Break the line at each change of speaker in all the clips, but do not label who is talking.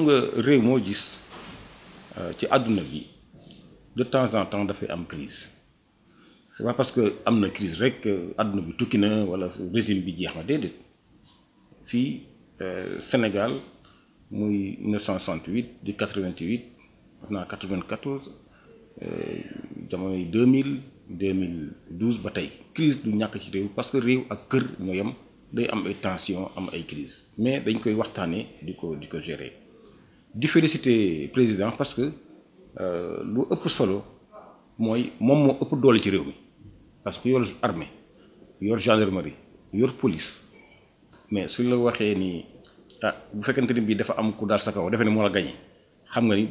xam nga réew gis euh, ci de temps en temps a une crise c'est pas parce que a une crise rek àdduna bi tukki na wala régime bi régime na déedéet fii euh, Sénégal en 1968 de 88 en 1994, en 2000 2000 2012 bataille, crise du ci parce que le ak kër ñoo day am ay tension am crise mais dañ koy a une crise qui est gérer di féliciter président parce que euh, lu ëpp solo c'est moom ëpp doole ci parce que yor armée yor gendarmerie yor police mais su la waxee ni ah bu fekkente ni dafa am sa la xam nga ni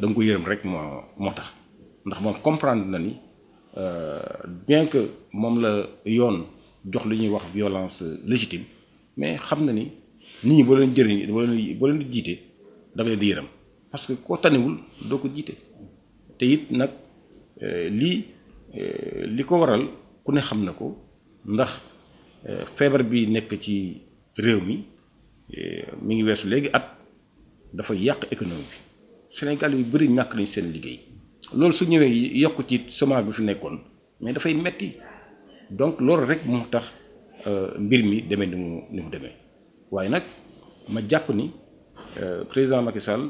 ko comprendre bien que moom la jox violence légitime mais xam na ni nit ñi leen leen parce que ko tanewul do ko jité té yit nak euh, euh li euh ko waral ku ne xam nako ndax euh fièvre bi nek ci réew mi euh, mi ngi wessu légui at dafa yak économie Sénégal yu bari ñak lañ seen liggéey lool su ñëwé yokk ci chômage bi fi nekkoon mais da fay metti donc lool rek moo tax euh, mbir mi demee ni mu démé mu nak ma japp ni euh président Macky Sall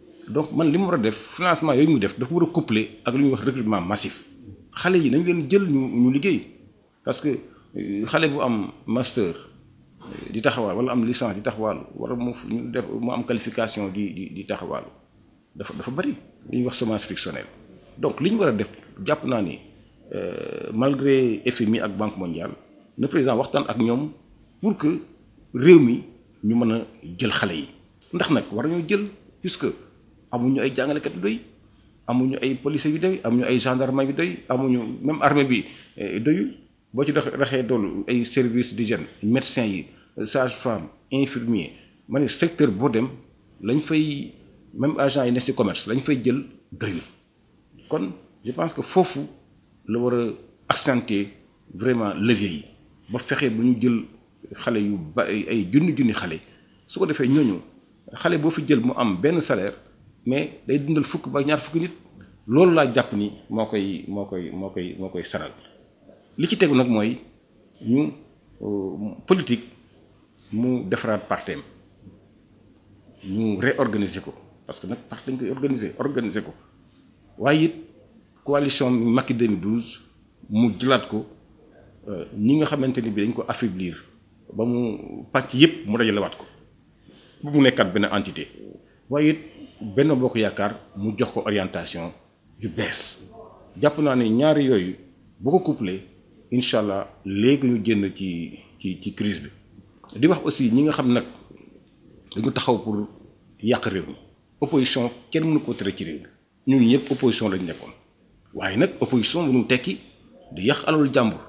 donc man limu wara def financement yoy mu def dafa wara a coupler ak lu wax recrutement massif xalé yi nañu leen jël ñu liggéey parce que euh, xalé bu am master euh, di taxawal wala am licence di taxawal war mu ñu def mu am qualification di di di taxawal dafa dafa bari li wax semence frictionnel donc liñ wara def japp na ni euh, malgré FMI ak banque mondiale le président waxtan ak ñom pour que réew mi ñu mëna jël xalé yi ndax nak war ñu jël puisque amuñu ay jàngalekat kat doy amuñu ay police yu doy amuñu ay gendarme yu doy amuñu même armée bi eh, doyul boo ci raxee doolu ay service d'hygiène médecins yi sage-femme infirmier ma ne secteur boo dem lañ fay même agent yi nekk ci commerce lañ fay jël doyul kon je pense que foofu la war a accentuer vraiment levier yi ba fexe bu ñu jël xale yu ba ay junni junni xale su ko defee ñooñu xale boo fi jël mu am benn salaire mais day dundal fukk ba ñaar fukki nit loolu laa jàpp ni moo koy moo koy moo koy moo koy saral li ci tegu nag mooy ñu euh, politique mu defaraat partem ñu organiser ko parce que nag partem koy organiser organiser ko waaye it coalition Macky 2012 mu jëlaat ko euh, ñi nga xamante ni bi dañ ko affaiblir ba mu pàcc yépp mu dajalewaat ko bu mu nekkaat benn entité waaye it Benno Bokk Yaakaar mu jox ko orientation yu bees jàpp naa ne ñaari yooyu bu ko couplé incha allah léegi ñu jënd ci ci ci crise bi di wax aussi ñi nga xam nag dañu taxaw pour yàq réew mi opposition kenn mënu ko tere ci réew mi ñun ñëpp opposition lañu nekkoon waaye nag opposition bu mënu tekki di yàq alalu jàmbur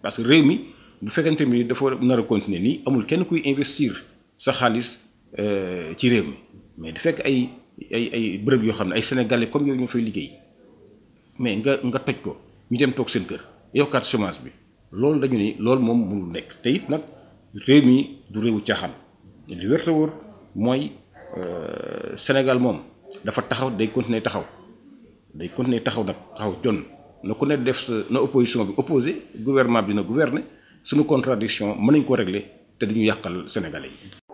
parce que réew mi bu fekkente ni dafa nar a continuer nii amul kenn kuy investir sa xaalis euh, ci réew mi mais du fekk ay ay ay bërb yoo xam ay sénégalais comme yow ñu fay liggéey mais nga nga toj ko ñu dem tok seen kër yokkaat chômage bi lool dañu ni lool mom mënul nekk te it nak réew mi du réewu caaxaan li wér te moy euh Sénégal mom dafa taxaw day continuer taxaw day continuer taxaw nak taxaw jonne na ku ne def sa na opposition bi opposé gouvernement bi na gouverner suñu contradiction mën nañ ko régler te duñu yàqal sénégalais yi.